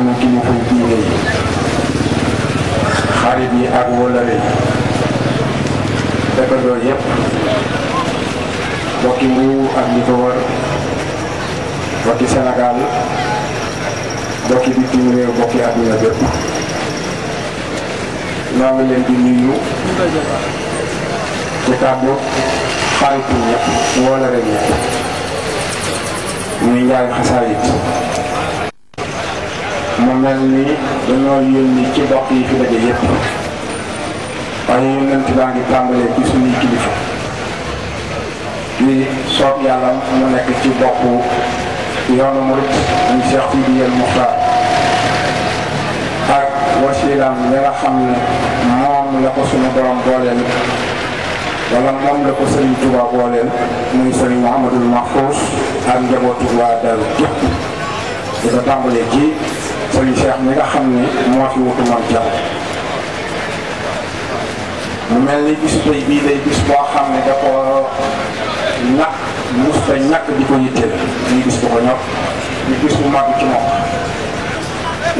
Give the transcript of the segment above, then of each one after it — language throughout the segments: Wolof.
sunu kilifa diine yi xarit yi ak wóllare yi dëkkandoo yépp bokki Mbuur ak bokki Sénégal bokki bitim réew bokki àdduna bépp ñoo ngi leen di nuyu ci kàddu xarit yi ñëpp wóllare ñëpp muy njaay xasaayit mu mel ni dañoo yónni ci bokk yi fi daje yëpp waaye yónnent baa ngi tàmbalee ci suñuy kilifa li soob yàlla mu nekk ci bokk yoonu murit ñu Seex Sidi El Muxtaar ak wasilaam li nga xam ne moom la ko suñu borom booleel wala moom la ko Sëriñ Tuubaa booleel muy Sëriñ Mouhamadul Mahfous ak njabootu waa Daaru gépp di ko tàmbalee ci sëriñ Cheikh mi nga xam ne moo fi wutu moom jàll mu mel ni gis tey bii day gis boo xam ne da ko ñàkk mus ta ñàkk di ko yitteel ñuy bis bu ko ñor ñu gis bu mag ci moom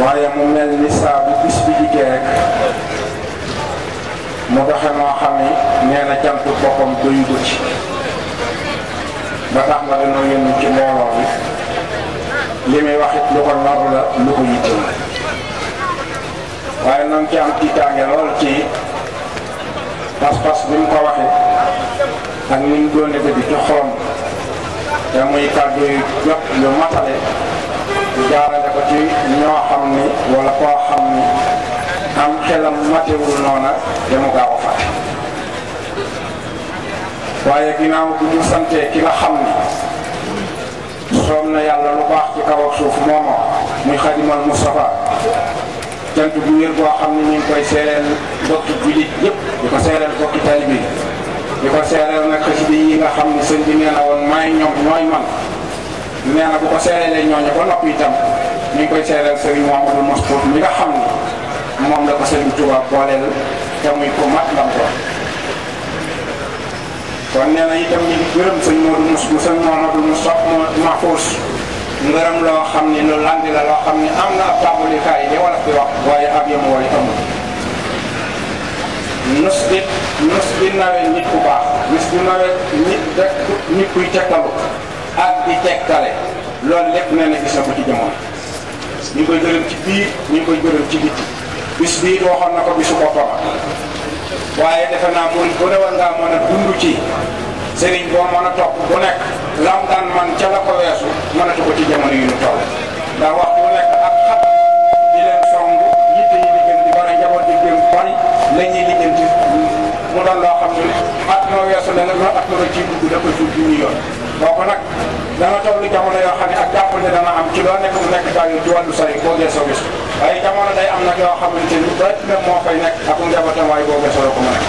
waaye mu mel ni saa bu bi dikkee rek mu doxe moo xam ne nee na cant boppam doyu ko ci ba tax nga dañoo yëngu ci mbooloo li may wax lu ko lor la lu ko yitteel waaye na ci am tiitaange lool ci pas-pas bi mu ko waxee ak ni mu doon di ci xolam te muy kàddu yu jot yu matale jaarale ko ci ñoo xam ni wala koo xam ni am xelam matewul noona te mu gaaw a fàtte waaye ginnaaw bi ñu sante ki nga xam ni. soob na yàlla lu baax ci kaw ak suuf moomo muy xadimal Moustapha cant bu wér boo xam ne ñu ngi koy seereel bokki jullit yëpp di ko seereel bokki talibi di ko seereel na xasida yi nga xam ne sëñ bi nee na woon maay ñoom ñooy man nee na bu ko seereelee ñooñu ba noppi itam ñu ngi koy seereel sëriñ Mouhamadou Moustapha mi nga xam ne moom la ko sëriñ booleel te muy ko mat ko kon nee na itam ñu gërëm sëñ Modou Moussa Moussa Mouhamadou Moussa Mahfous ngërëm loo xam ni lu landi loo xam ni am na ab tàmbalikaay li wala fi wax waaye ab yem wooy amul nus bi nus bi nawee nit ku baax nus bi nawee nit rek tegtalu ak di tegtale loolu lépp nee na gis na ko ci jamono ñu koy gërëm ci biir ñu koy gërëm ci bitti bis bii waxoon na ko bisu boppam waaye defe naa murid bu ne war ngaa mën a dund ci sëriñ boo mën a topp bu nekk lam daan man ca la ko weesu mënatu ko ci jamono yu ñu toll ndax wax bu nekk ak xat di yi di gën di bari njaboot di gën bari la ñuy lijjanti loo xam ne at noo weesu la nga at noo suuf bi ñu yoon kooku nag dana toll jamono yoo xam ne ak jàpp ne dana am ci loo nekk mu nekk daal yu ci wàllu sori boo gee sa gis waaye a day am nag yoo xamante ni doy na moo fay nekk ak njabootam waaye boobu la ko mu nekk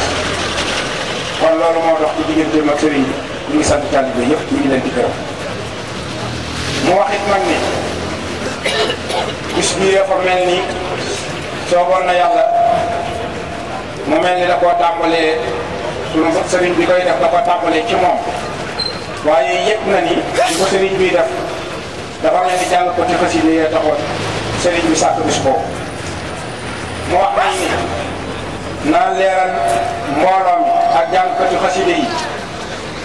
kon loolu moo dox ci digganteem ak sëriñ bi ñu ngi sant taalibe yëpp ñu ngi leen di gërëm mu wax it nag ni bis bi dafa mel ni sooboon na yàlla mu mel ni da koo tàmbalee sunu sëriñ bi koy def da koo tàmbalee ci moom yëpp na ni dafa mel ni jàng ko ci fas yi taxoon. sëriñ bi sàkk bis boobu mu wax nañ ni naa leeral mbooloo mi ak jàngkatu xaside yi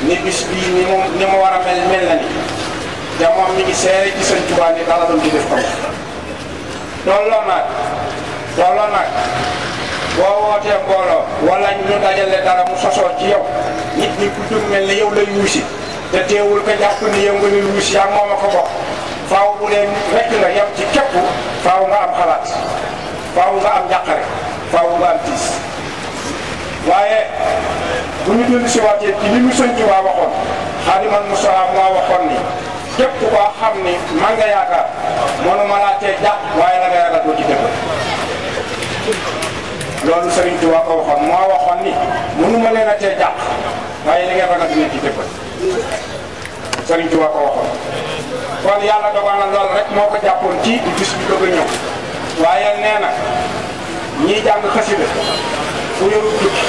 ni bis bii ni mu ni mu war a mel mel na ni te mi ngi seere ci sëñ Tuubaa ni dara doon di def kaw looloo naag looloo naag boo wootee mbooloo wala ñu dajale dara mu sosoo ci yow nit ñi ku dum mel ne yow lay wuusi te teewul ko jàpp ni yow ni wuusi yaa moom a ko faaw bu leen rekk nga yem ci képp faaw nga am xalaat faaw nga am njàqare faaw nga am tiis waaye bu ñu dellu si waatee ci li mu sëñ Tuubaa waxoon xaadimal Mustafaa moo waxoon ni képp koo xam ni man nga yaakaar mënu ma laa tee jàpp waaye na nga yaakaar doo ci dëgg loolu Sëriñ Tuubaa ko waxoon moo waxoon ni mënu ma leen a tee waaye li nga ragal dina ci dëgg Sëriñ Tuubaa ko waxoon kon yàlla dogal na loolu rek moo ko jàppoon ci bis bi bëgg a ñëw waaye nee na ñiy jàng xasida ku yoru tukki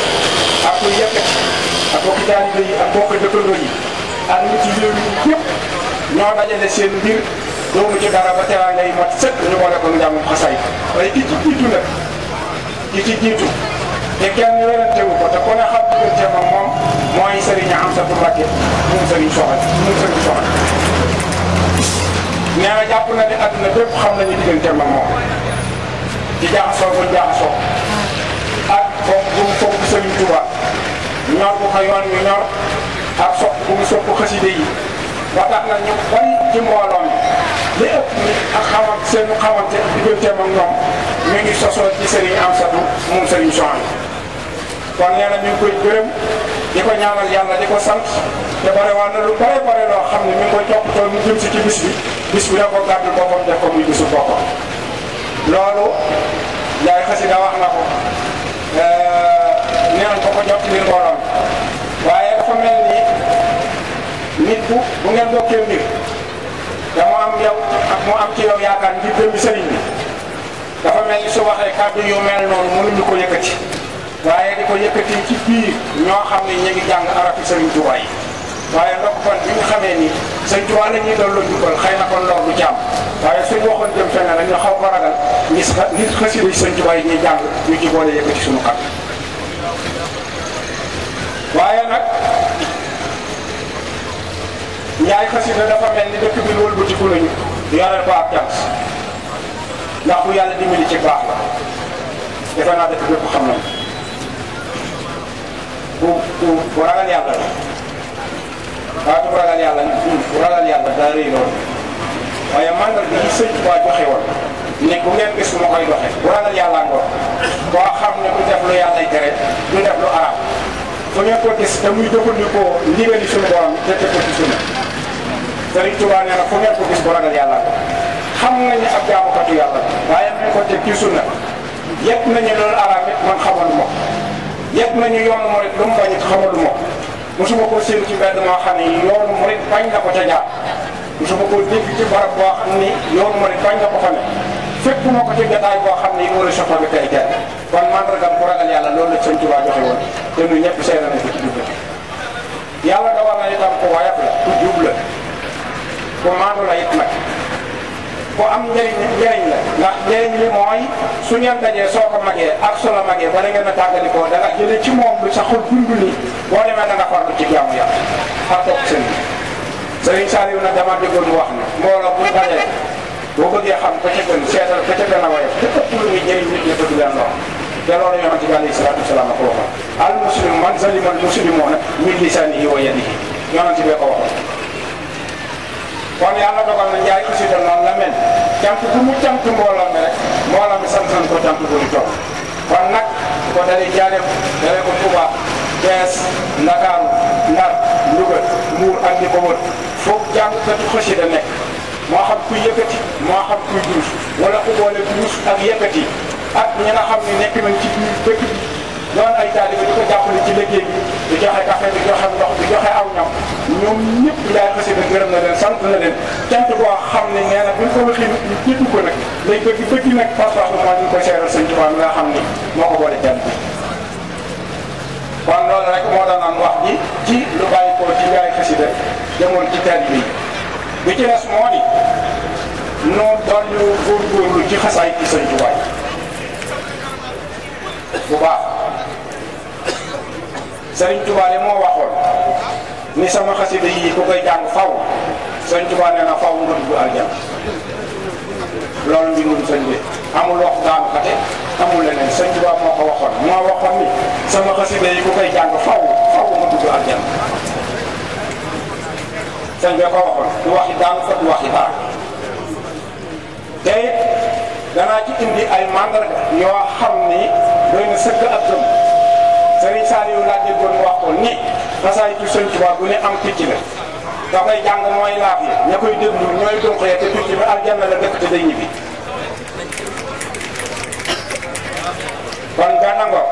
ak ku yëkkati ak bokk taalibe yi ak bokk dëkkandoo yi ak nit yi réew ñoo dajale seen mbir doomu ci dara ba teraa ngay mat sëkk ñu boole ko njàngum xasaay waaye ki ci jiitu nag ki ci jiitu te kenn werantewu ko te ku ne xam diggante moom mooy Serigne Amsatou Mbacké moom Serigne Soxna moom Serigne Soxna nee na na ne àdduna bépp xam na ñu ma moom di jaaxasoo ba jaaxasoo ak foog bu mu Sëriñ Tuuba ñor bu ko yoon ñor ak sopp bu mu sopp xaside yi ba na ñu bari ci mbooloo mi li ëpp ni ak xamante seen xamante diggante ma ñoom ñu ngi sosoo ci Sëriñ Amsatu moom Sëriñ Soxna kon nee ñu koy gërëm di ko ñaanal yàlla di ko sant. dama waa na lu bare bare loo xam mi ngi koy toppatoo mu jëm si ci bis bi bis bi da ko gàddul def ko muy bisu boppam loolu yaay xasida wax na ko neen ko ko jot ngir borom waaye dafa mel nit bu bu ngeen bokkee mbir dama am yow ak am ci yow yaakaar bi dafa su yu mel ko di ko yëkkati ci biir ñoo xam ne ñu ngi jàng yi waaye ndokk kon bi ñu xamee ni sëñ Tuubaa la ñuy dolloo jukkal xëy na kon loolu du jàmm waaye suñ waxoon jëm feneen rek ñu xaw ko ragal ngir xa ngir xasidu sëñ Tuubaa yi ñuy jàng ñu ci boole yëkkati suñu waaye nag Njaay xasida dafa mel ni dëkk bi lu wëlbatiku bu yàlla dimbali ci baax xam nañu bu bu ragal yàlla la. baatu ragal yàlla bu ragal yàlla daa rëy lool waaye màndal bi ñu sëñ Tuubaa joxe woon ne bu ngeen gis yàlla ngoon koo xam ne du def lu yàlla tere du def lu arab bu ngeen ko gis te muy jëfandikoo ndigali suñu borom te teg ko ci sunna Sëriñ Tuubaa nee na fu ngeen ko gis bu ragal yàlla ko xam nañ ne ab jaamukatu yàlla waaye nañ ko teg ci sunna yëpp nañu loolu arab it man xamal ma yëpp nañu yoonu ma rek lu mu bañ xamal ma mosuma ko séen ci mbedd moo xam ne yoonu murit bañ na ko ca jaar mosuma ko dégg ci barab boo xam ni yoonu murit bañ na ko fa ne fépp moo ko ci gataay boo xam ne yi wala soxla bi tey jar kon mandargam bu ragal yàlla loolu la sëñ Tuubaa joxe woon te ñun ñëpp seera na ko ci dugg yàlla dawal na itam ko wayaf la ku jub la ku la it nag ko am njëriñ njëriñ la nga njëriñ li mooy su ñaan dajee soo ko magee ak su la magee bala ngeen a ko da nga jëlee ci moom lu saxul dunduli boo demee da nga farlu ci jaamu yàlla ak topp seen sëriñ Saliou nag dama déggoon wax ne mbooloo bu dajee boo bëggee xam ka ca gën seetal ka ca gën a woyof te ëpp lu muy njëriñ nit ñi bëgg leen loolu salaatu al muslim man al yi ci ko kon yàlla dogal na njaay noonu la mel cant bu mu cant mbooloo mi rek mbooloo mi sant nañ ko cant bu ñu toog kon nag ko dalee Njaaréem dalee ko Touba Thiès Ndakaaru Ndar Louga Mbuur ak ñi ko wër foog jàngkatu nekk moo xam kuy yëkkati moo xam kuy duus wala ku boole ak yëkkati ak ñi nga xam ni nekk nañ ci biir dëkk bi doon ay taalibe di ko jàppale ci liggéey lu joxe café du joxe ndox du joxe aw ñam ñoom ñëpp yaay xasida gërëm na leen sant na leen cant boo xam ne nee na buñ ko waxee jëtu ko nag day bëgg bëgg nag pas-pas bi mooy ñu koy seeral sëñ Tuubaa nga xam ni moo ko boole jant bi kon rek moo doon am wax ji ci lu bàyyi ko ci yaay xasida demoon ci tel bi bi ci des moo ni noo doon ñu góorgóorlu ci xasaay ci sëñ Tuubaa bu baax Sering coba de moo waxoon ni sama xasida yi ku koy jàng faw sëriñ Tuubaa nee na faw nga dugg aljana loolu mbindum sëñ bi amul wax daanu kate amul leneen sëñ Tuubaa moo ko waxoon moo waxoon ni sama kasih yi ku koy jàng faw faw nga dugg aljana sëñ bi ko waxoon du waxi daanu fa du waxi dara te danaa ci indi ay màndarga yoo xam ak Serigne Saliou laa déggoon mu wax ko ni masaayitu Sëñ Tuubaa bu ne am picc la da koy jàng mooy laaf yi ña koy déglu ñooy dunqee te picc bi aljanna la dëkk te day ñibbi kon gànnaaw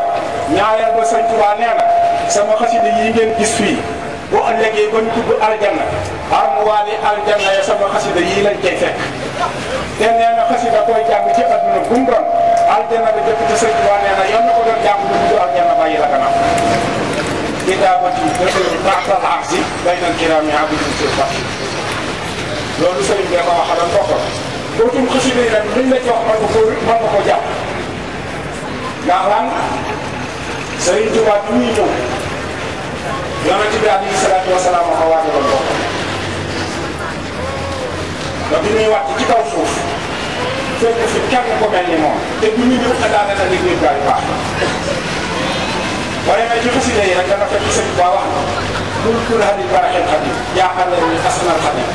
ñaareel ba Sëñ Tuubaa nee na sama xasida yi ngeen gis fii boo ëllëgee ba ñu tudd aljanna armuwaali aljanna ya sama xasida yii lañ cay fekk te nee na xasida koy jàng ci adduna bu aljana da jëpp ci sëriñ Tuubaa nee na yal na ko doon jàmm du dugg aljana bàyyi la kanam kitaabati dësëru taatal arsi bayna kiraami abidin sir basi loolu sëriñ bee ko wax lan bokkoon bootum xasida yi nag luñ la jox man ko mën ko lan bi ko ci suuf fekk si kenn ko mel ni moom te bu ñu ñëw xalaat na liggéey bi baax waaye nag ci xasida yi rek dana fekk sëñ Ba wax bul kul xarit baraxel xarit yaakaar na ni asanal xarit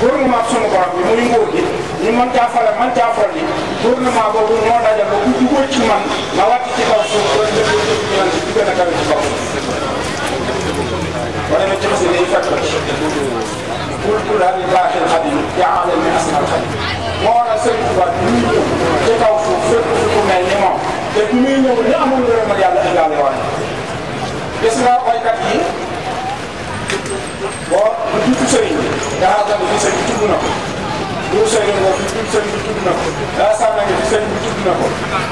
gouvernement sunu borom bi muy nguur gi ñu mën caa fale mën caa fal ni gouvernement boobu moo dajal ba ku jugóo ci man ma wàcc ci kaw suuf doon jël ñaan di gën a kawe ci kaw waaye nag ci yi fekk wul turaabi baaxil xadim jaamale mi asnal xadim moo waral sëñ Tuubaa muy ñëw ci kaw suuf fépp fu ku mel ni moom te bu muy ñëw li amul ngërëmal yàlla indaale woon gis nga waykat yi boo bu jiitu sëriñ daa dal fi sëriñ tudd na ko bu sëriñ boo fi tudd sëriñ bi tudd na ko daa sànna ngi fi sëriñ bi tudd na ko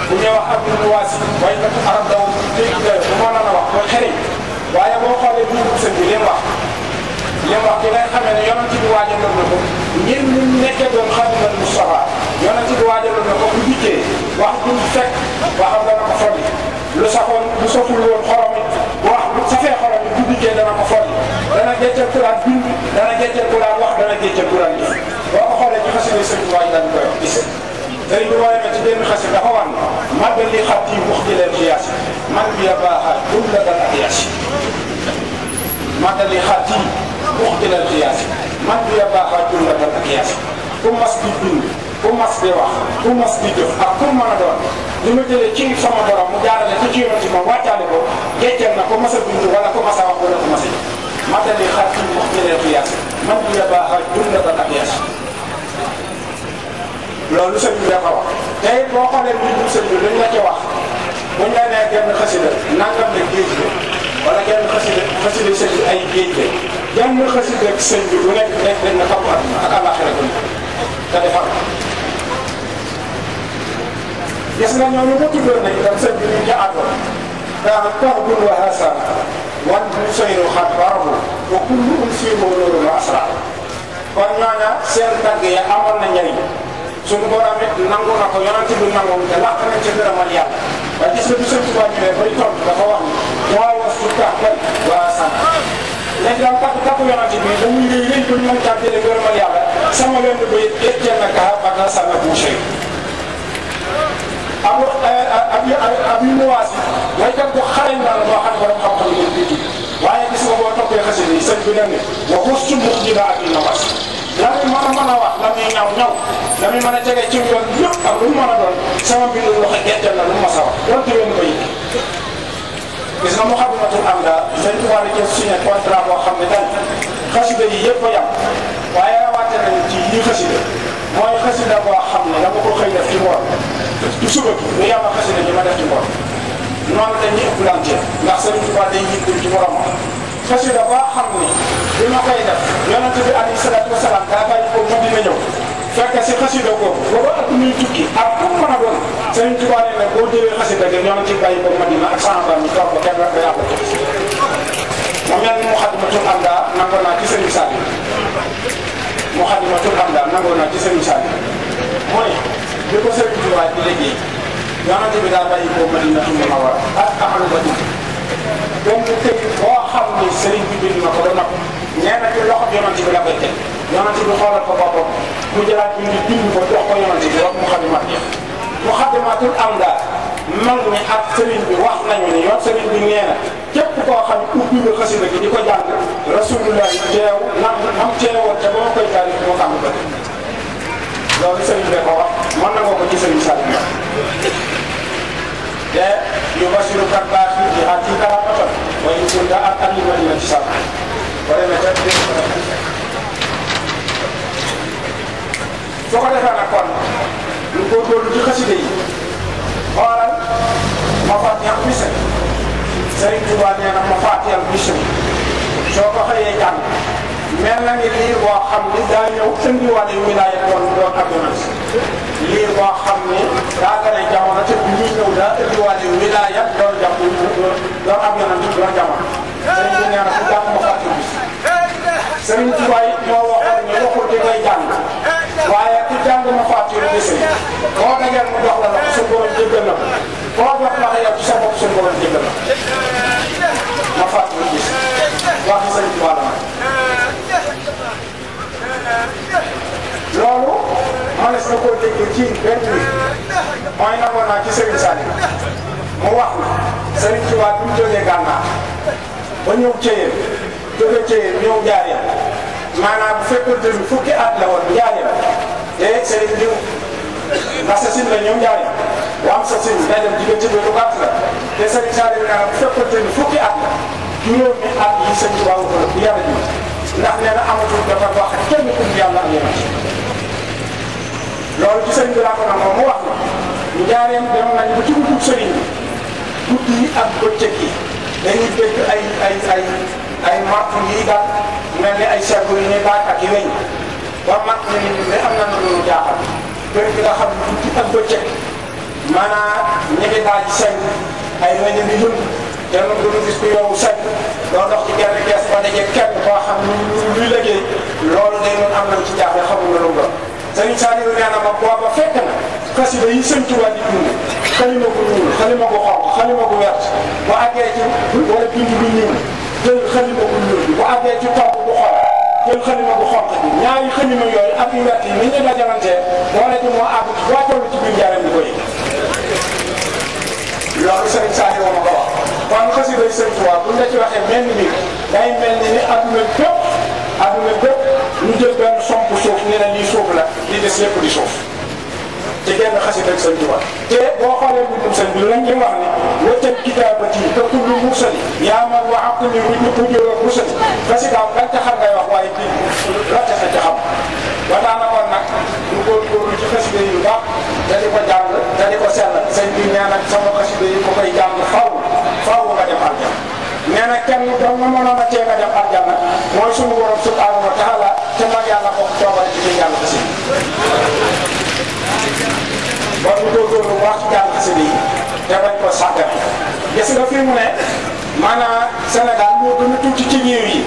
bu ñuy wax Abdul Waasi waykatu arab daw dégg bu ma nana wax mooy xëriñ waaye boo xoolee duubu sëñ bi li mu wax yow ki nga xamee ne yonent bi waajaloon na ko ngir mu nekkee doon xadimal Mustafa yonent bi waajaloon na ko bu dikkee wax du fekk waxam dana ko folli lu safoon lu saful woon xorom it wax lu safee xorom it bu dikkee dana ko folli dana gécceel kuraan bind dana gécceel kuraan wax dana gécceel kuraan jëf boo ko xoolee ci xasida sëñ bi waaj dañ koy gis sëriñ bi waaye ci benn xasida dafa wan màggal li xat yi wax di leen xiyaas man bi ya baaxaat dum la dal ak yaas màggal li xat yi muxtilal qiyaasi man bi ya baaxaa jumlatan ak qiyaasi ku mas di bind ku mas di wax ku mas di jëf ak ku mën a doon li ma jëlee ci sama borom mu jaarale ko ci yonent ma wàccaale ko gecceel na ko mas a bind wala ko mas a wax wala ko mas a jëf matali xar ci muxtilal qiyaasi man bi ya baaxaa jumlatan ak qiyaasi loolu sëñ bi dafa wax tey boo xoolee mbindum sëñ bi luñ la ci wax buñ la nee genn xasida nangam ne géej wala genn xasida xasida sëñ bi ay géej la genn xasida sëñ bi bu nekk nekk dañ na fàpp ak alaxira ko te defar gis nga ñooñu ko tuddoon nañ tam sëñ bi ñu jaxaatoon daa tax bun wa hasa wan bu soyru xat barabu wa kullu um fii moo loolu la asra kon ñooña seen tàgg ya amoon na njëriñ suñu borom nangu na ko yonante bi nangu te làq nañ ci ngërëmal yàlla waaye gis nga bu sëñ Tuubaa ñëwee bay tontu dafa wax ni waaw su kàppal waa sant léegi daal kàpp kàpp yonent bi da muy rëy rëy ba ñu mën caa jëlee gërëmal yàlla sama wenn bay étteen na kaa ba na sànna eh, bouché eh, am am am yu mu waas yi waykat bu xarañ naa la moo xam borom xam-xam yi di tudd waaye gis nga boo toppee xasida yi sëñ bi ne ne wa xustu mu dina ak yu nawas la muy mën a mën a wax la muy ñaw ñaw la muy mën a jege ci yoon yëpp ak lu mu mën a doon sama mbir loxo gerte la wante woon ko it gis nga Muxaddamatul Amda sëñ Tuubaa da cee signé contrat boo xam ne daal xasida yi yëpp a yam waaye rawaate mooy xasida boo xam ne dama ko xëy def ci ngoon ci suba bi lu yàlla xasida bi ma def ci ngoon noonu dañuy ëppalantee ndax sëñ Tuubaa day yittim ci xam ne bi ma koy def yonent bi alayhi salaatu wasalaam daa ko mu dina ñëw fekk si xasida ko booba ak muy tukki ak ku mën a doon Sëriñ Tuubaa ne boo jëlee xasida ga ñoo ngi ci bàyyi ko Madina ak samba mi toog ba kenn rek day àbbatu mu mel ni Muxadimatul Amda nangoo naa ci Sëriñ Sall Muxadimatul Amda nangoo naa ci Sëriñ Sall mooy bi ko Sëriñ Tuubaa di liggéey yonent bi daa bàyyi ko Madina tuuti ma war ak amalu ba tuuti donc tey boo xam ni sëriñ bi bind na ko ba noppi nee na ci loxo yonent bi la koy teg yonent bi xoolal ko boppam mu jëlaat bind bind ko jox ko yonent bi wax muqaddimaat am daal mag mi ak sëriñ bi wax nañu ne yoon sëriñ bi nee na képp koo xam ubbi nga xasida gi di ko jàng rasulullah teew nam nam teewoon te ba ma koy taalif moo xam ko loolu sëriñ bi ko wax mën na nga ko ci sëriñ Sall bi te yu basiru kat baax yi di xaar ci kalaamatam waaye ñu gën a ak alima dina ci sàmm ba demee ca soo ko defee nag kon lu góorgóorlu ci xaside yi xoolal ma fàtteel bise Serigne Touba nee na ma fàtteel soo ko xëyee jàng mel na ni liir boo xam ni daa ñëw tëndiwaale wilaaya doon doon ordonnance liir daa gën a jamono te bu ñuy ñëw daa tëndiwaale wilaaya doon jàpp doon ordonnance doon jamono na bu jàpp ma fàtteel bise Serigne Touba it moo waxoon ne waxul di jàng waaye ku jàng ma fàttali gis nga boo dajeel mu dox la nag suñu borom jéggal na ko boo ci sa bopp suñu borom jéggal na ko ma wax nga sëñ Tuubaa la loolu mënees na koo dégg ci benn nit mooy nangoon naa ci Serigne Saliou mu wax na Serigne Touba bi mu jógee Gànnaar ba ñëw Thièyeen jógee Thièyeen ñëw Njaareen maanaam bu fekkoon fukki at te sëriñ bi ndax sa sin la ñoom ñaar yi wa sa sin day dem diggante bi lu gàtt la te sëriñ Saali bi naan bu ni fukki at la juróomi at yi sëñ Tuubaa ko bu yàlla ji ndax nee na amatul dafa wax kenn ku yàlla ak yéen loolu ci sëriñ bi laa ko nangoo mu wax la ñu nañ ba ci guddug sëriñ bi yi ak bëccëg yi dañuy dégg ay ay ay ay yi daal mel ni ay ak ba mag na nit ñi ne am na lu ñu jaaxal a gi nga xam ne guddi ak bëccëg maanaam ñi ngi daal ci sëñ ay nañu ngi yëngu kenn duñu gis ku yow sëñ doo dox ci genn kees ba daje kenn koo xam ne luy liggéey loolu day doon am nañ ci jaaxle xamuñu lu mu wa Sëriñ Saliou nee na ma booba fekk na xasida yi sëñ Tuubaa di dund xalima gu ñuul xalima gu xonq xalima gu wert bu àggee ci wala bind bu ñuul jël xalima gu ñuul bu àggee ci taw. jël xalima bu xonq bi ñaari xalima yooyu ak yu wett yi ni ñu dajalantee doole ji moo àgg foo toll ci biir njaaram di ko yëg loolu sëriñ Sadio ma ko wax kon xasida sëriñ Tuubaa buñ la ci waxee mel ni day mel ni ni adduna bépp adduna bépp ñu jël benn somp suuf ne na lii suuf la li des lépp di suuf ci genn xasit ak sëñ Tuubaa te boo xoolee mbindum sëñ bi lañ ci wax ni wëccëg kitaabati ka kullu mursali yaa wa abdu ni wujju pujjoo ak mursali xasitaam lan ca xam ngay wax waaye bii lan ca sa ca xam ba daana kon nag ñu góorgóorlu ci xasida yu baax te di ko jàng te di ko sell sëñ bi nee nag sama xasida yi ko koy jàng faw faw nga dem àjjana nee na kenn dong nga mënoon a cee nga dem mooy borom subhanahu wa taala mag yàlla ko toobal ci yàlla war nga góorgóorlu wax ci jàng xasida yi te bañ ko sàggan ne maanaam Sénégal moo gën a tuuti ci ñëw yi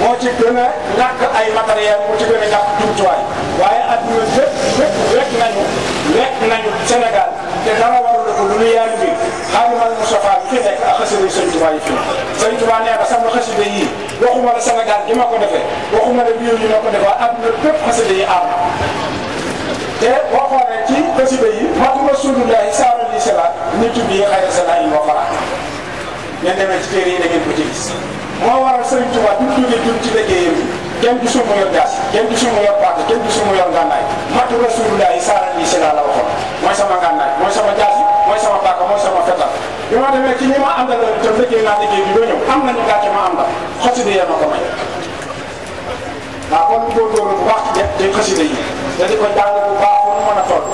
moo ci gën a ñàkk ay matériel moo ci gën a ñàkk jumtuwaay waaye adduna lépp lépp lekk nañu lekk nañu Sénégal te dara warul ko lu ñu yaanu bi xaalimal Moustapha bi fi nekk ak xasida Sëñ Tuubaa yi fii Sëñ Tuubaa nee na sama xasida yii waxuma la Sénégal gi ma ko defee waxuma la biir yi ma ko defee waaye adduna bépp xasida yi am te boo xoolee ci xasida yi matu rasulullahi saaral yi salaat nitu bi xayra salaat yi faraat ngeen demee ci téere yi da ngeen ko ci gis moo Sëriñ Tuuba du jóge jur ci liggéeyam bi kenn du sumu yor gaas kenn du sumu yor paaka kenn du sumu yor ngànnaay matu rasulullahi saaral yi salaat la waxoon mooy sama ngànnaay mooy sama gaas mooy sama paaka mooy sama fetal bi ma demee ci ñi ma àndaloon itam liggéey naa liggéey bi ñëw am nañu gàcce ma am la xasida ya ma ko may waaw kon góorgóorlu bu baax ci te bu baax mën a toll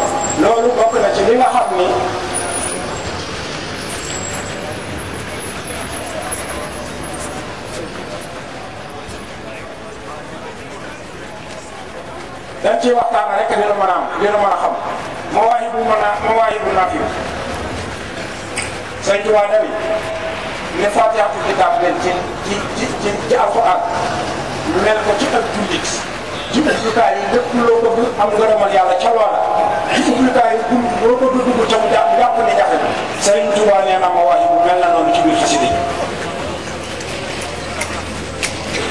loolu bokk na ci li nga xam ni dañ waxtaan rek dina mën a am dina mën a xam ma waaye bu mën a ma waaye bu naaf yi sëñ Tuubaa dawi ne Faatiha kitaab leen ci ci jublukaay yi lépp loo ko bëgg am ngërëmal yàlla ca loola jublukaay yi gum loo ko bëgg bu taw jàpp jàpp ne jafe na sëriñ Tuubaa nee na ma waaye bu mel na noonu ci biir xasida yi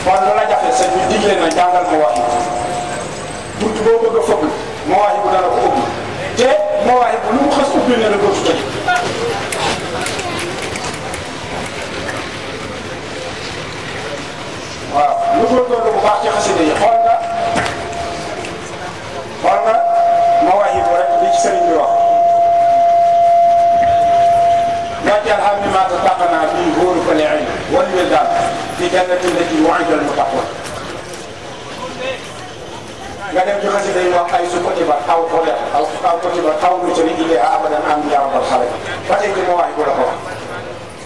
kon lu la jafe sëñ bi digle na jàngal ma waaye bunt boo bëgg a fëgg ma waaye bu dana ko ubbi te ma waaye bu lu mu xas ubbi ne la dootu tëj waaw lu góorgóorlu bu baax ci xasida yi xool fi jannatin lati wu'ida al-muttaqun nga dem ci xasida yi wax ay su ko ci ba aw ko leer aw aw ko ci ba aw lu ci ni ilaa abadan am jaabal xale ba tey ci ma wax ko la ko wax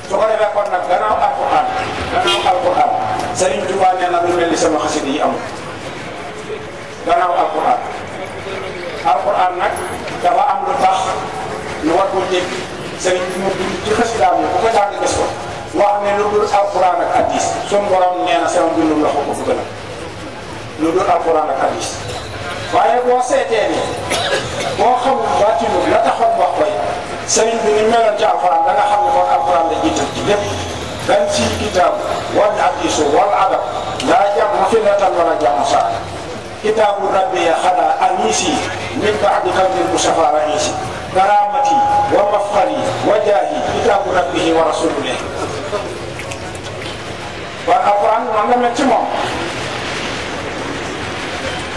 su ko defee kon nag gannaaw alquran gannaaw alquran Serigne Touba nee na lu mel ni sama xasida yi amul gannaaw alquran alquran nag dafa am lu tax lu war ko dégg Serigne bi mu bind ci xasidaam yi bu ko jàng gis ko. wax ne lu dul alquran ak hadis suñu borom nee na sama mbindum loxo ko bëgg na lu dul alquran ak hadis waaye boo seetee ni boo xamul baatinu la taxoon wax koy sëriñ bi ni meloon ci alquran da nga xam ne kon si kitaab wal hadisu wal adab laa jàmm fi natal wala jàmm saa kitaabu rabbi xanaa anisi min baadi xamdil mustafa raisi karaamati wa mafxari wa jaahi kitaabu rabbihi wa rasulullah kon alxuraan noonu la mel ci moom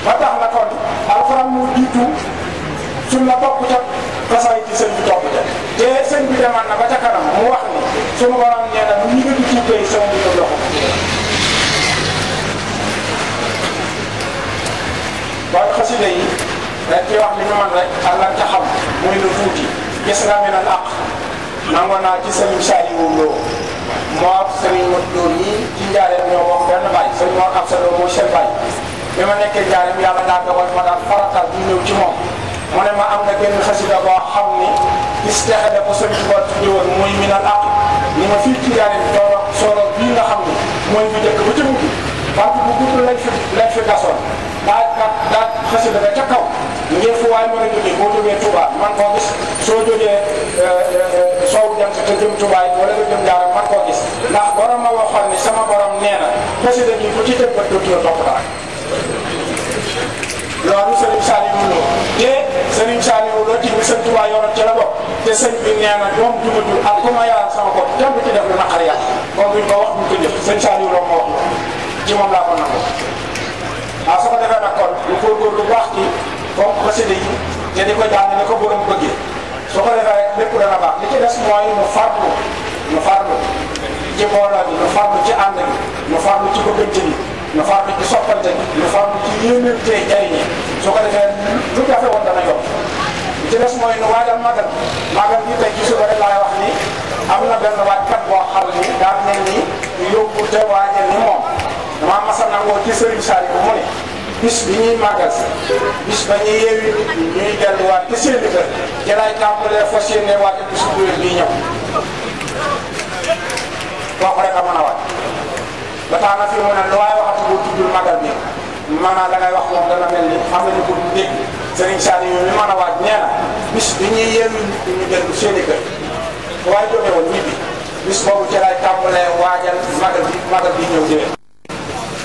ba tax na kon alxuraan mu jiitu sunna topp ca kasaay ci sëñ bi topp ca te sëñ bi demaan na ba ca kanam mu wax ni sunu borom nee na mu ñu gëtu muy lu tuuti gis nga mi nan àq nangoo ci sëñ Saliou Lo Mor Serigne Modou Dóor yi ci njaareem ñoo wax benn baay Serigne Mor Absa Lo mooy seen baay bi ma nekkee njaareem yàlla daa dogal ma daal faratal ñu ñëw ci moom mu ne ma am na benn xasida boo xam ni gis texe da ko Serigne Touba tudde woon muy minal àq ni ma fii ci njaareem dooro sooro bii nga xam ni mooy fi jëkk ba ci mujj parti bu gudd lañ fi lañ gasoon daa daa daa xasida ba ca kaw ngir fu waay mën a jógee boo man koo gis soo jógee euh, euh, euh, soow jant te jëm tubaay wala nga jëm daara man koo gis ndax borom ma waxoon ni sama borom nee na xasida gi ku ci tëb ba dootu la topp te la bokk te sëñ bi nee na doom ju ak ma yaral sama bopp dem ci def lu naqar yàlla moom duñ ko wax duñ ko jëf sëñ Saliou Lo ma wax ci moom laa ko nangu waaw su defee nag kon lu góorgóorlu baax ci fonk xasida yi te ko jàng ni ko borom bëggee su ko defee rek lépp dana baax li ci des mooy nu farlu nu farlu ci mbooloo bi nu farlu ci ànd bi nu farlu ci bëggante bi nu farlu ci soppante bi nu farlu ci ko defee lu jafe woon dana yomb li ci des mooy nu waajal magal magal bi tey gisu rek laay wax ni am na benn waajkat boo xam ni daan mel ni yóbbu te waajal ni moom damaa masa nangoo ci Serigne Saliou mu ne bis bi ñuy màggal bis ba ñuy yeewi nit ñuy delluwaat ci seen i kër ci laay tàmbalee fas yéene waat ak bisu kuréel bii ñëw kooku rek a mën waat ba tax fi mu ne lu waay wax moom dana mel ni xam nañu ko dégg waat nee na bi ñuy yeewi nit ñu dellu seen i kër waaye jóge woon ñibbi bis boobu ci laay waajal màggal bi ñëw jëlee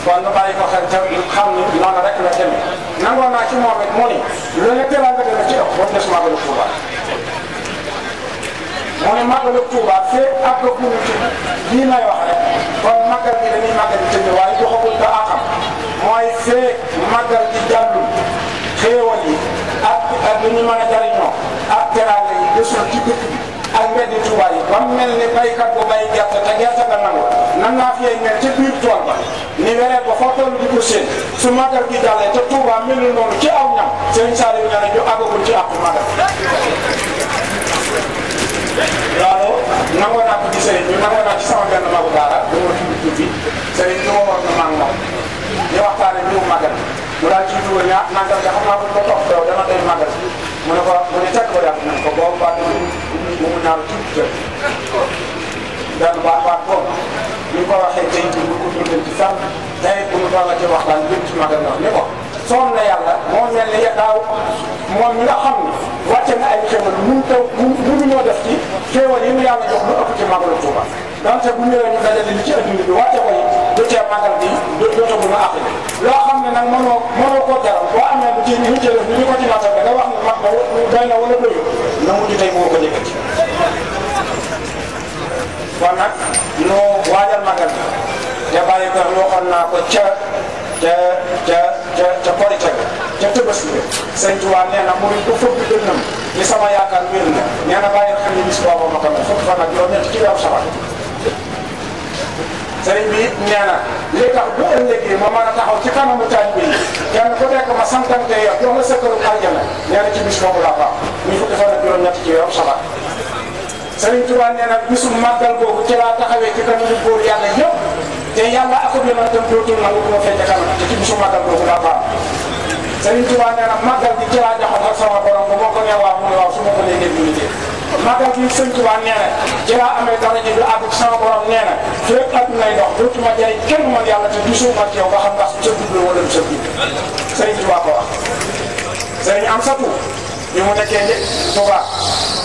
kon nu bàyyi ko xel te xam ni noonu rek la demee nangoo naa ci moom it mu ni lu ne teraanga dana ci ëpp ba fee ak ko ku ci lii may wax kon màggal gi dañuy màggal ci ñu waaye joxagul ko àqam mooy fee màggal gi jàllul xéewal yi ak ak lu ñu mën a jariñoo ak teraanga yi desul ay mbeddi Touba yi ba mu mel ni baykat bu bay gerte te gerte nga nangu nan laa fiy mel ca biir tool ba ni weree ba foo toll di ko seen su magal gi jàllee te Touba melul noonu ci aw ñam Serigne Saliou nee na ñu àggagul ci àpp magal loolu nangoo naa ko ci Serigne bi nangoo naa ci sama benn magu daara bu ma tudd tuuti Serigne bi ma war na maa moom ñu waxtaane ñu magal mu ci dugal ko magal mu ne ko mu ne tekk ba daal mu ne ko boobu baat na mu mu naaw tuuti jëm daal baat baat boobu ñu ko waxee tey jii ñu ko dundal ci sax day bu ñu toll ci waxtaan bi ci magal wax ne ko soon na yàlla moo mel ne daaw moom mi nga xam ne wàcce na ay xéwal mu mu mu ñoo def ci xéwal yi mu yàlla jox lu ëpp ci magalu Tuuba donte bu ñëwee ñu dajale li ci ëdduli bi wàcce ko yi du tee màggal bi du dootoo mën a àqil loo xam ne nag mënoo mënoo koo jaral boo amee lu ci lu ci def ñu ko ci nattal da nga wax ne mag na doy na wala doyu na mujj tey moo ko yëkkati kon nag ñu waajal màggal bi te nih ko waxoon naa ko ca ca ca ca ca korite ga ca tëbës bi sëñ Tuubaa nee na mooy bu fukk dënnam ni sama yaakaar wér na nee na bàyyi xam ne bis boobu ma ko fukk fan ak juróom ci weeru sabar sëriñ bi it nee na li tax bu ëllëgee ma mën a taxaw ci kanamu taalibe yi kenn ku nekk ma santante yow jox la sa këru aljana nee na ci bis boobu laa baax ñu fukki fan ak juróom-ñett ci weeru sabar sëriñ Tuba nee na bisu màggal boobu ci laa taxawee ci kanamu góor yàlla yëpp te yàlla akub yonentam dootul nangu bu ma fee ca kanam te ci bisu màggal boobu laa baax sëriñ Tuba nee na màggal gi ci laa joxoon ak sama borom moo ko nee waaw mu ne waaw su ma ko nee ngeen magal gi sëñ Tuubaa nee na ci laa amee dara ñu du àgg sama borom nee na fi rek at nay dox dootuma jëriñ kenn man yàlla te du suuf ak yow nga xam ndax sa dund la wala du sa dund sëriñ Tuubaa ko wax sëriñ am satu ñu mu nekkee njëkk Tuubaa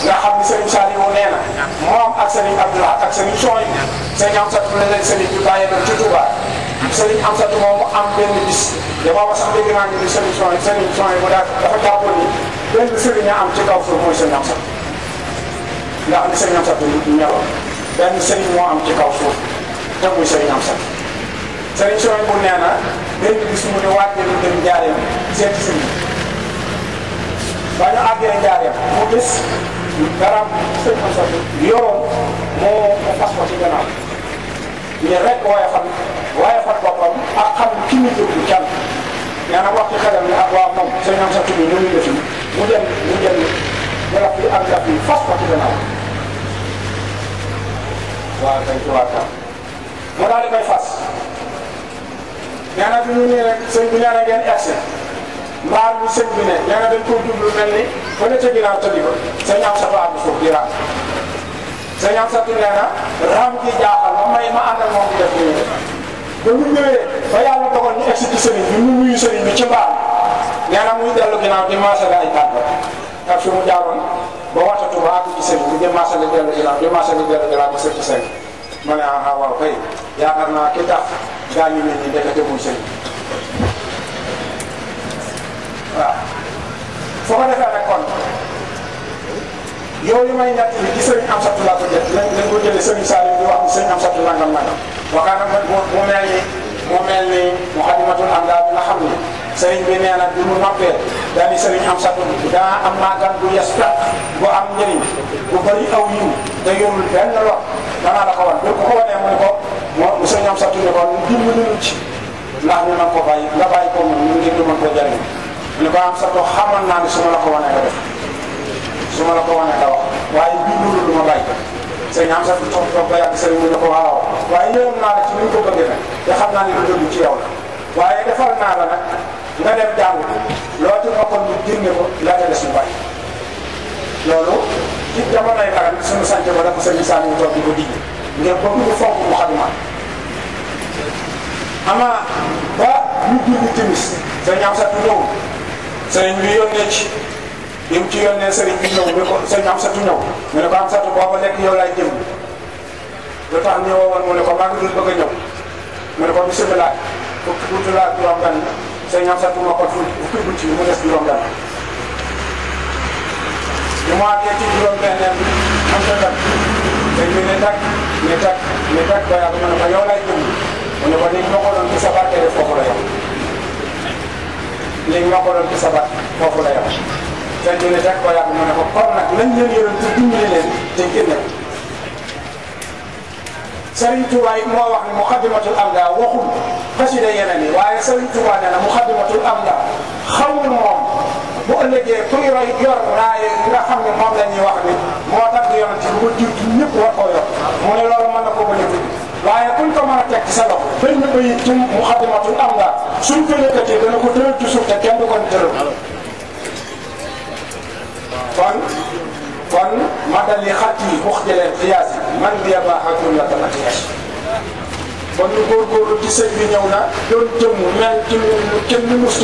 nga xam ni sëriñ Saliou nee na moom ak sëriñ Abdoulaye ak sëriñ Sooy sëriñ am satu la leen sëriñ bi bàyyi na ci Tuubaa sëriñ am satu moom mu am benn bis da booba sax dégg naa ñu ni sëriñ Sooy sëriñ Sooy mu daal dafa jàppoon ni benn sëriñ a am ci kaw suuf mooy sëriñ am satu ndax li yang satu sat nit ñaroon benn sëriñ moo am ci kaw suuf te muy sëriñ am sëriñ sooy bu nee benn bis mu ne waat nañu dem jaareem sëriñ àggee mu gis yoroon moo fas ko ci gannaaw ñu rek waaye fan waaye fan boppam ak xam ki ñu jóg can nee wax ci xelam ne ak fas ko ci waaw dañ ci waa kaam mu daal di koy fas nee bi ñu nii rek sëñ bi ngeen egsi mbaar sëñ bi ne dañ koo mel ni ne ca sëñ am sa di raam sëñ am sa ti nee na raam gi jaaxal ma may ma moom di def nii ba mu ñëwee ba yàlla dogal ñu egsi ci sëriñ bi mu nuyu sëriñ bi ci mbaar nee muy dellu di maasala ay tàggat ak fi mu jaaroon ba satu to di ci sëñ bi jëmaa sali dellu ginnaaw jëmaa di dalam ginnaaw ba sëñ sëñ ma ne ah waaw kay yaakaar naa ki tax gaañu nit ñi ndekete muy sëñ kon yow li may ñett bi ci am sattu laa ko jël lañ lañ ko jëlee di sini nah. ni sëñ am sattu nangam nangam waxaa nag mu mu mel ni mu mel ni mu xadimatul am daal dina xam ni sëñ bi daani sëriñ am satu daa am màggal bu yes bu am njëriñ bu bëri aw yiw te yorul benn lor danaa la ko bu ko mu ko sëriñ am satu ne ko dimbali ñu ci ndax ñu mën ko bàyyi nga bàyyi ko mu ñu ko am satu xamal naa ne su la ko wanee def su la ko wanee nga wax sëriñ am satu toog toog sëriñ mu ko waaw ci ni ñu ko bëggee te ci ci waxoon ñu génne ko laajale suñu bàyyi loolu ci jamonoy baram suñu sant ba la ko sëñ Saliou toog di ko digle bëgg ñu fonk mu xadumaan amaa ba ñu julli timis sëñ Amsatu ñëw sëriñ bi yónnee ci bi mu ci yónnee sëriñ ne ko sëñ Amsatu ñëw mu ne ko Amsatu booba nekk yow laay jëm lu tax ñëwoon mu ne ko maa ngi dul bëgg ñëw mu ne ko bisimilah fukki gudd laa juróom benn sëñ am sàkk mokkal fukki bucc mu des juróom-benn bi mu àggee ci juróom-benneen bi am sa takk sëñ ne takk ne takk ne takk ba yàgg ma ko yow lay gëm mu ne ko ni ma ko doon ci sa barke de foofu la yem ni ma ko doon ci sa barke foofu la yem sëñ bi ne takk ba yàgg ma ne ko kon nag lañ Serigne Touba it moo wax ne muqaddimatul am daa waxul xasida yeneen yi waaye Serigne Touba nee na muqaddimatul am daa xamul moom bu ëllëgee kuy roy yor raaye nga xam ne moom la ñuy wax ni moo tax yonent bi ba jur gi ñëpp war koo yor mu ne loolu mën na ko bañ a tudd waaye kuñ ko mën a teg ci sa loxo benn bayit ci muqaddimatul am daa suñ ko yëkkatee dana ko tëral ci suuf te kenn du ko tëral kon kon madali xatti muxtaleer xiyaas yi man bi yàlla xatul la dama xiyaas kon ñu góorgóorlu ci sëñ bi ñëw na doon jëmm mel ci lu kenn lu mus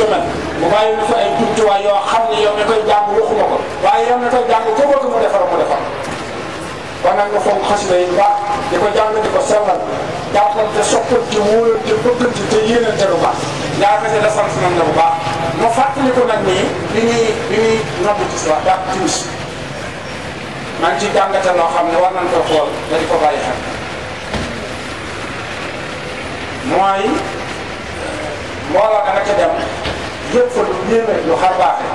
fa ay jumtuwaay yoo xam ne yow koy jàng waxuma ko waaye yow mi koy jàng ko bëgg mu defar mu defar kon nag nga foog xasida yi baax di ko jàng di ko sellal jàppante soppante wóolante bëggante te yéenante lu baax yaakaar ne la sant nañ la bu baax ma fàttaliku nag nii bi ñuy bi ñuy nabbi ci maa ci ciy jàngate loo xam ne war nañ ko xool da ko bàyyi xel mooy mbooloo da nga ca dem yëpp fa lu yéeme lu xar baaxe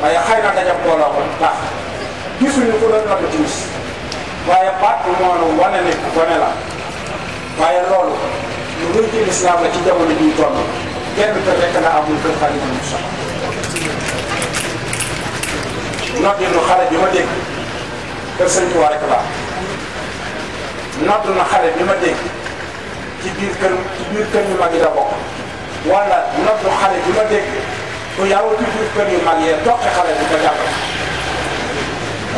waaye xëy na dajab mbooloo ko tax gisuñu ku doon nodd timis waaye baat bu moonu wane ne wane la waaye loolu lu rëy ci lislaam la ci jamono ji ñu toll kenn te rekk na amul kër xalifa mu soxla noddinu xale bi ma dégg kër sëñ Tuubaa rek laa nodd na xale bi ma dégg ci biir kër ci biir kër yu mag yi la bokk wala nodd xale bi ma dégg ku yaw biir kër yu mag yee toqi xale bi ko jàppal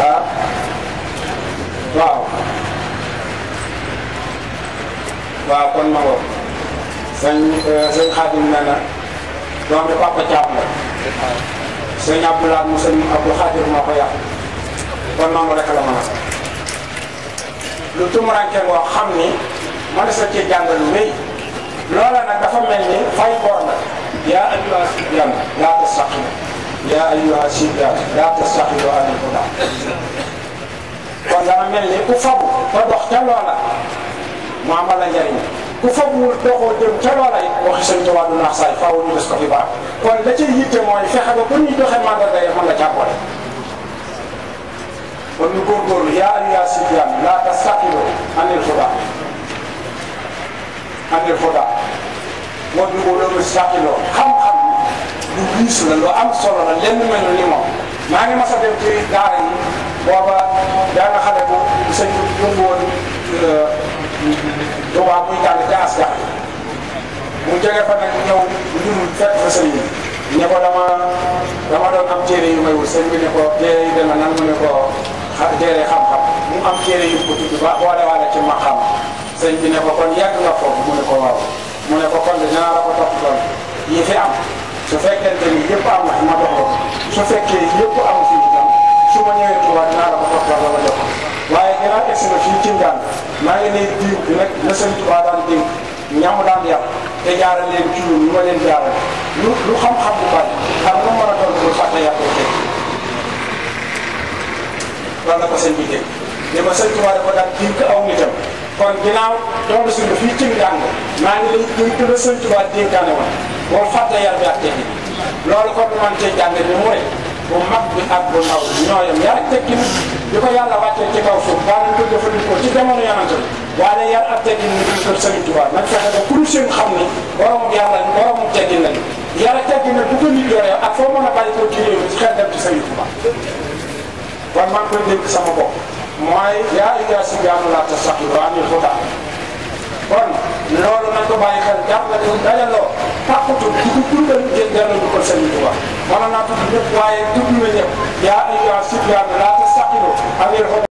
ah. waaw waaw waaw kon ma ngoog sëñ euh, sëñ doom bi papa caab la sëñ Abdoulaye mu sëñ Abdou Xaadir ko yàq kon nangu rek lu tumuranke ngoo xam ni mën sa jàngal lu wéy loola nag dafa mel ni fay boor la yaa ayyuha sibyan laa tastaxilu yaa ayyuha sibyan laa tastaxilu anil hudaa kon dana mel ni ku fabu ba dox ca loola mu amal la njariñ ku fagul doxoo jëm ca loola it waxi sëñ Tuubaa du naax saay faaw ñu des ko fi baax kon ca mooy fexe ba bu ñuy doxee mandarga yi mën la caa boole kon ñu góorgóorlu yaa ayyuhaa sibyaan laa tastaxiluu anil hudaa anil hudaa moo ñu wóor la saxiloo xam-xam lu wiis la lu am solo la lenn mel ni moom maa ngi mas a dem ci daara yi booba daa nga xale bu sëñ bi yëngu woon euh, Tuubaa muy jàng jaas jax mu jege fekk fa sëñ bi ne ko dama dama doon xa téere xam-xam mu am téere yu ko tudd ba boole waale ci maqam sëñ bi ne ko kon yàgg nga foofu mu ko waaw mu ne ko kon dinaa la ko toppatoon yi fi am su fekkente ni yëpp am na ma dox ko su fekkee yëpp am fi itam su ma ñëwee tubaab dinaa la ko toppatoo ba ma jox waaye ginnaaw egsi na fii ci ngaan maa ngi lay diw bi nag na sëñ Tuubaa daan diw ñamu daan yàq te jaarale leen ci lu ma leen jaarale lu xam-xam bu bari ak lu mu mën a doon pour fàtte yàq loolu la ko sëñ bi dégg li ma sëñ Tuubaa dafa daan diir ko aw nitam kon ginnaaw doon suñu fii ci njàng maa ngi lay dégg la sëñ Tuubaa dénkaane woon boo fàtte yar bi ak teggin loolu kon man cee jàng ni mu rek bu mag bi ak bu ndaw ñooyam yar ak teggin di ko yàlla wàccee ci kaw suuf daanañ ko ni duñ kër sëñ Tuubaa nag fexe ba pour seen xam ni boromam yar lañ boromam teggin lañ yar ak teggin nag bu ko nit yoree ak foo mën a bàyyi ko ci réew mi ci xel dem ci sëñ kon maa ngi koy dégg sama bopp mooy yaa yaa si jaamu laa te sax lu amee lu tax kon loolu nañ ko bàyyi xel jàppale ñu dajaloo tàqatu di ko tuddal jël delloo ñu ko Sëriñ Tuuba mën naa tudd ñëpp waaye tudd na ñëpp yaa yaa si jaamu laa te sax lu